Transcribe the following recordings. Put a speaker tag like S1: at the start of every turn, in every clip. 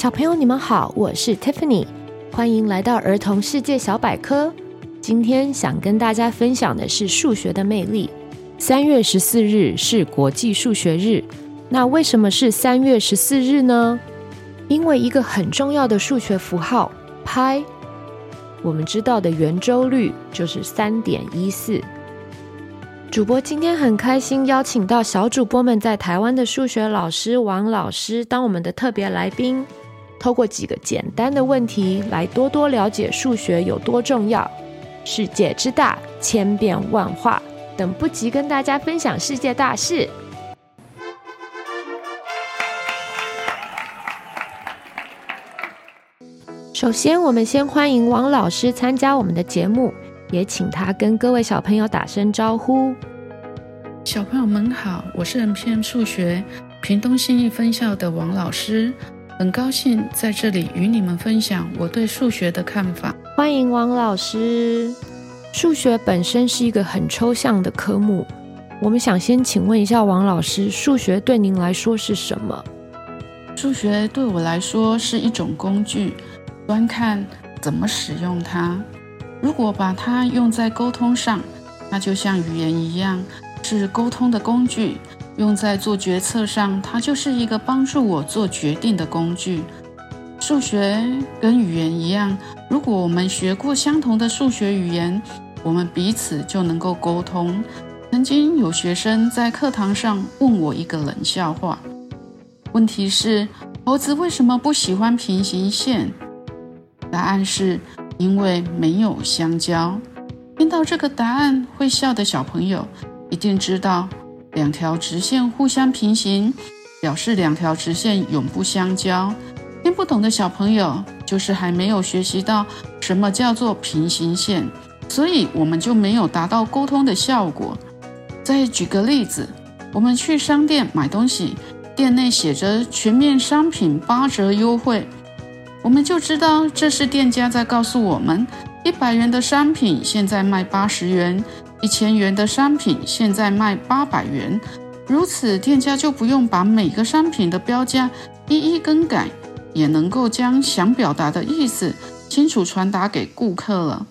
S1: 小朋友，你們好，我是 Tiffany，歡迎來到兒童世界小百科。今天想跟大家分享的是數學的魅力。三月十四日是國際數學日，那為什麼是三月十四日呢？因為一個很重要的數學符號，Pi，我們知道的圓周率就是三點一四。主播今天很開心邀請到小主播們在台灣的數學老師，王老師當我們的特別來賓。透過幾個簡單的問題來多多了解數學有多重要。世界之大，千變萬化，等不及跟大家分享世界大事。首先，我們先歡迎王老師參加我們的節目，也請他跟各位小朋友打聲招呼。
S2: 小朋友們好，我是 MPM 數學屏東信義分校的王老師。很高興在這裡與你們分享我對數學的看法。
S1: 歡迎王老師。數學本身是一個很抽象的科目。我們想先請問一下王老師，數學對您來說是什麼？
S2: 數學對我來說是一種工具，單看你怎麼使用它。如果把它用在溝通上，那就像語言一樣，是溝通的工具。用在做決策上，它就是一個幫助我做決定的工具。數學跟語言一樣，如果我們學過相同的數學語言，我們彼此就能夠溝通。曾經有學生在課堂上問我一個冷笑話，問題是：猴子為什麼不喜歡平行線？答案是因為沒有相交。聽到這個答案會笑的小朋友，一定知道。兩條直線互相平行，表示兩條直線永不相交。聽不懂的小朋友，就是還沒有學習到什麼叫做平行線，所以我們就沒有達到溝通的效果。再舉個例子，我們去商店買東西，店內寫着“全面商品八折優惠”，我們就知道這是店家在告訴我們。一百元的商品現在賣八十元，一千元的商品現在賣八百元。如此，店家就不用把每個商品的標價一一更改，也能夠將想表達的意思清楚傳達給顧客了。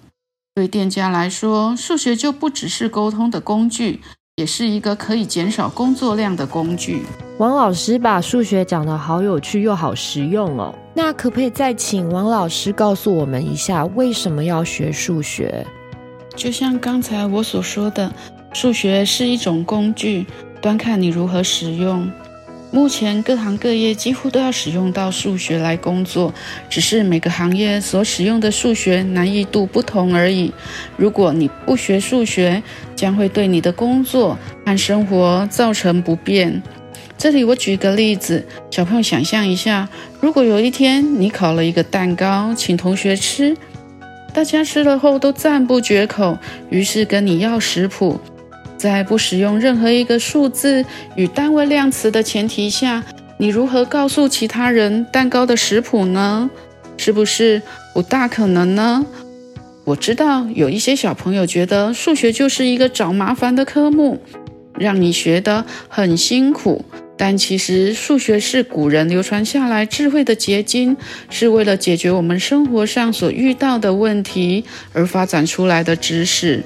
S2: 對店家來說，數學就不只是溝通的工具，也是一個可以減少工作量的工具。王老師把數學講得好有趣又好實用哦。那可不可以再
S1: 請王老師告訴我們一下，為什麼要學數學？
S2: 就像剛才我所說的，數學是一種工具，端看你如何使用。目前各行各業幾乎都要使用到數學來工作，只是每個行業所使用的數學難易度不同而已。如果你不學數學，將會對你的工作和生活造成不便。這裡我舉個例子，小朋友想象一下，如果有一天你烤了一個蛋糕請同學吃，大家吃了後都讚不絕口，於是跟你要食譜，在不使用任何一個數字與單位量詞的前提下，你如何告訴其他人蛋糕的食譜呢？是不是不大可能呢？我知道有一些小朋友覺得數學就是一個找麻煩的科目，讓你學得很辛苦。但其實，數學是古人流傳下來智慧的結晶，是為了解決我們生活上所遇到的問題而發展出來的知識。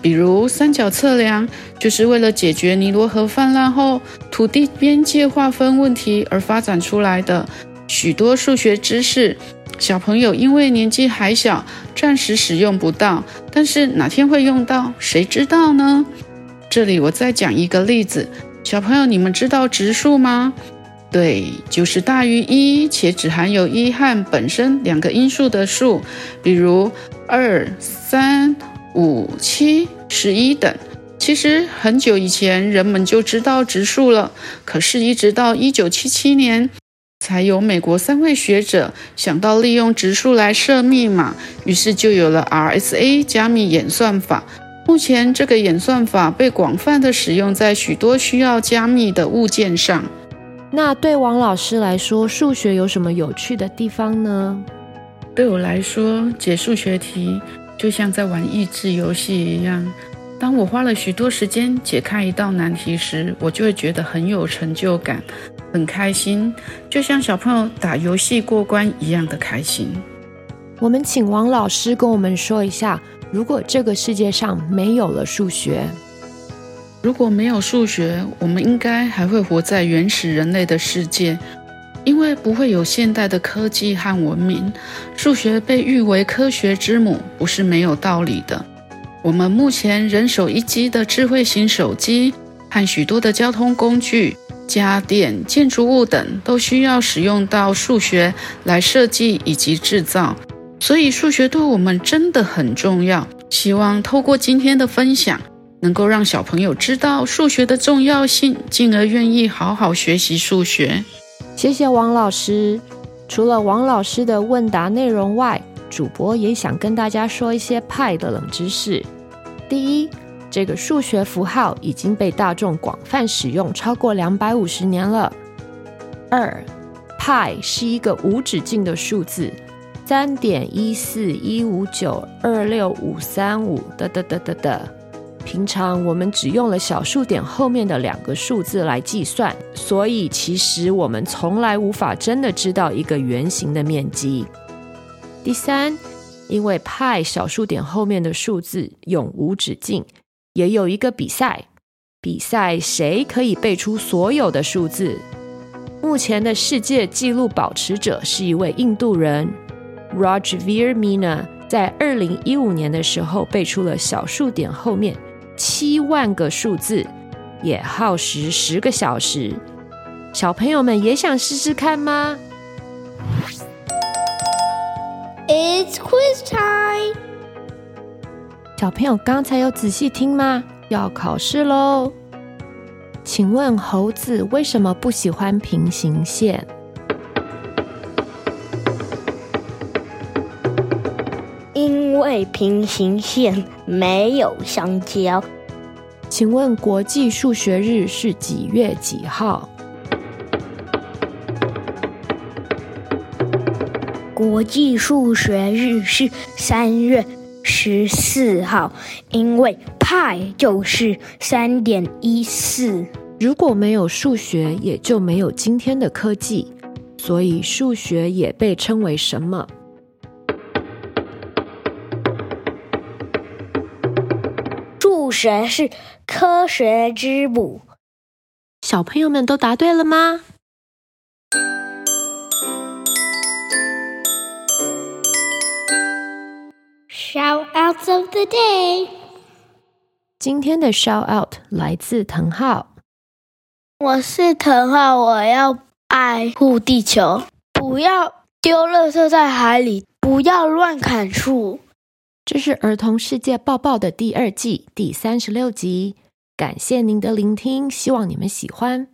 S2: 比如，三角測量就是為了解決尼羅河氾濫後土地邊界劃分問題而發展出來的。許多數學知識，小朋友因為年紀還小，暫時使用不到，但是哪天會用到，誰知道呢？這裡我再講一個例子。小朋友，你們知道質數嗎？對，就是大於一且只含有一和本身兩個因數的數，比如二、三、五、七、十一等。其實很久以前人們就知道質數了，可是一直到一九七七年，才有美國三位學者想到利用質數來設密碼，於是就有了 RSA 加密演算法。目前，這個演算法被廣泛的使用在許多需要加密的物件上。那對王老師來說，數學有什麼有趣的地方呢？對我來說，解數學題就像在玩益智遊戲一樣。當我花了許多時間解開一道難題時，我就會覺得很有成就感，很開心，就像小朋友打遊戲過關一樣的開心。
S1: 我們請王老師跟我們說一下。如果這個世界上
S2: 沒有了數學，如果沒有數學，我們應該還會活在原始人類的世界，因為不會有現代的科技和文明。數學被譽為科學之母，不是沒有道理的。我們目前人手一機的智慧型手機和許多的交通工具、家電、建築物等，都需要使用到數學來設計以及製造。所以數學對我們真的很重要。希望透過今天的分享，能夠讓小朋友知道數學的重要性，進而願意好好學習數學。
S1: 謝謝王老師。除了王老師的問答內容外，主播也想跟大家說一些派的冷知識。第一，這個數學符號已經被大眾廣泛使用超過兩百五十年了。二，派是一個無止境的數字。三點一四一五九二六五三五，得得得得得。平常我們只用了小數點後面的兩個數字來計算，所以其實我們從來無法真的知道一個圓形的面積。第三，因為派小數點後面的數字永無止境，也有一個比賽，比賽誰可以背出所有的數字。目前的世界紀錄保持者是一位印度人，Rajveer Meena 在二零一五年的時候背出了小數點後面七萬個數字，也耗時十個小時。小朋友們也想試試看嗎？It's quiz time！小朋友剛才有仔細聽嗎？要考試嘍！請問猴子為什麼不喜歡平行線？平行線沒有相交。請問國際數學日是幾月幾號？國際數學日是三月十四號，因為派就是三點一四。如果沒有數學，也就沒有今天的科技，所以數學也被稱為什麼？全是科學之母。小朋友們都答對了嗎？Shout outs of the day，今天的 Shout out 來自藤浩。我是藤浩，我要愛護地球，不要丟垃圾在海裡，不要亂砍樹。這是《兒童世界抱抱》的第二季第三十六集，感謝您的聆聽，希望你們喜歡。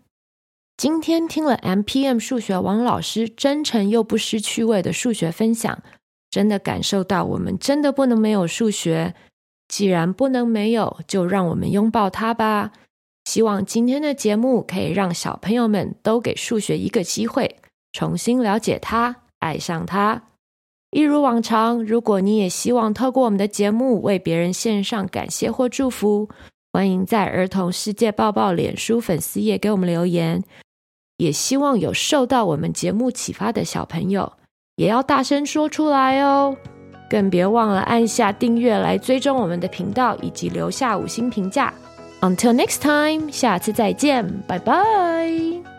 S1: 今天聽了 MPM 數學王老師真誠又不失趣味的數學分享，真的感受到我們真的不能沒有數學。既然不能沒有，就讓我們擁抱它吧。希望今天的節目可以讓小朋友們都給數學一個機會，重新了解它，愛上它。一如往常，如果你也希望透過我們的節目為別人獻上感謝或祝福，歡迎在兒童世界抱抱臉書粉絲頁給我們留言。也希望有受到我們節目啟發的小朋友，也要大聲說出來哦！更別忘了按下訂閱來追蹤我們的頻道，以及留下五星評價。Until next time，下次再見，拜拜。